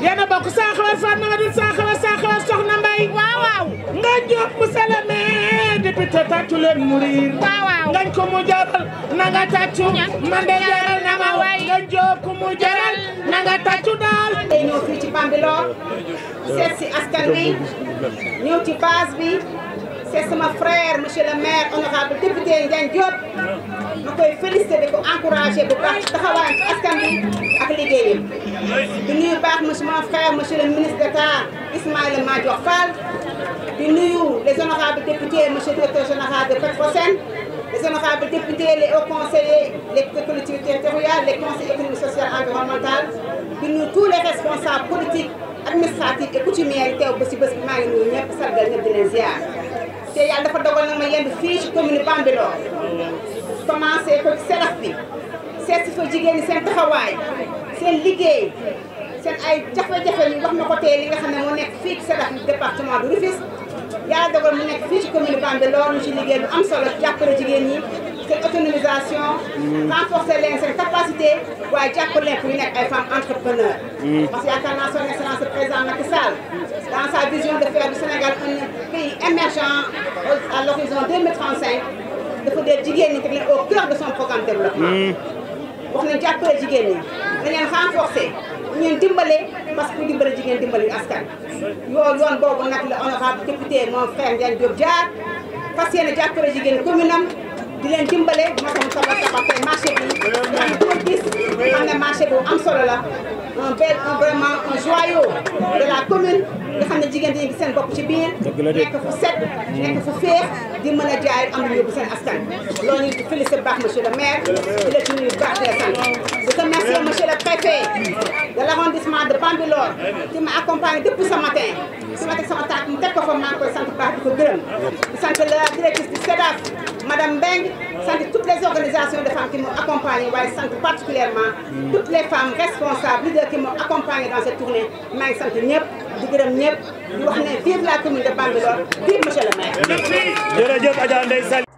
yéen a bokk saa xaw a faat na nga dul saa xaw a saa xaw a soxna Mbaye. waaw waaw nga jóg leen mu riir ngañ ko mu jaral na nga tàccu ma ngañ joo ku mu jaral na nga tàccu daal tey ñëw ci Bambilor seet si askan wi ñëw ci base bi c'est sama frère monsieur le maire honorable député Ndiagne Diop ma koy félicité di ko encouragé bu baax taxawaayam ci askan bi ak liggéeyam di nuyu baax monsieur mon frère monsieur le ministre d'État Ismaïla Madior Fall di nuyu les honorables députés, M. le directeur général de Petrosen, les honorables députés, les hauts conseillers, les collectivités territoriales, les conseillers économiques, sociaux et environnementaux, nous tous les responsables politiques, administratifs et coutumiers qui ont si bés bi nous ngi nuyu ñëpp sargal de di leen ziar de yàlla dafa dogal na ma de fii ci commune Bambilor commencé c'est ci c'est un c'est c'est un c'est c'est un travail, c'est liggéey seen ay c'est un fixe dans le département de Rufisque yàlla dogal mu nekk fii ci commune Bambey nous ci liggéey bu am solo jàppale jigéen ñi seen autonomisation renforcer les capacités, capacité waaye pour ay femmes entrepreneurs mm. parce que yaakaar la son excellence présent président salle, dans sa vision de faire du Sénégal un pays émergent à l'horizon 2035 de faire jigéen ñi au cœur de son programme de développement pour mm. nañ jàppale le ñi dañ renforcer bu ngeen dimbalee parce que ku dimbale jigéen dimbale askan yoolu yoon boobu nag la honorable député moom Frère Ndiaye Diop jaar fas yéene jàppale jigéen commune am di leen dimbale masom solo tabax marché bi yaa ko gis xam ne marché bu am solo la un bel un vraiment un joyau de la commune nga xam ne jigéen dañuy gis seen bopp ci biir nekk fu set nekk fu féex di mën a jaay am lu yóbbu seen askan loolu ñu félicité baax monsieur le maire di la ci nuyu baax di la sant di ko merci monsieur le préfet de l'arrondissement de Bambilor qui m'a accompagné depuis ce matin Ce matin, ce sama taat que ko fa la directrice du SEDAF madame Beng toutes les organisations de femmes qui m'ont accompagné je sente particulièrement toutes les femmes responsables leaders qui m'ont dans cette tournée je ngi sant du di gërëm vive la commune de Bambilor vive M. le maire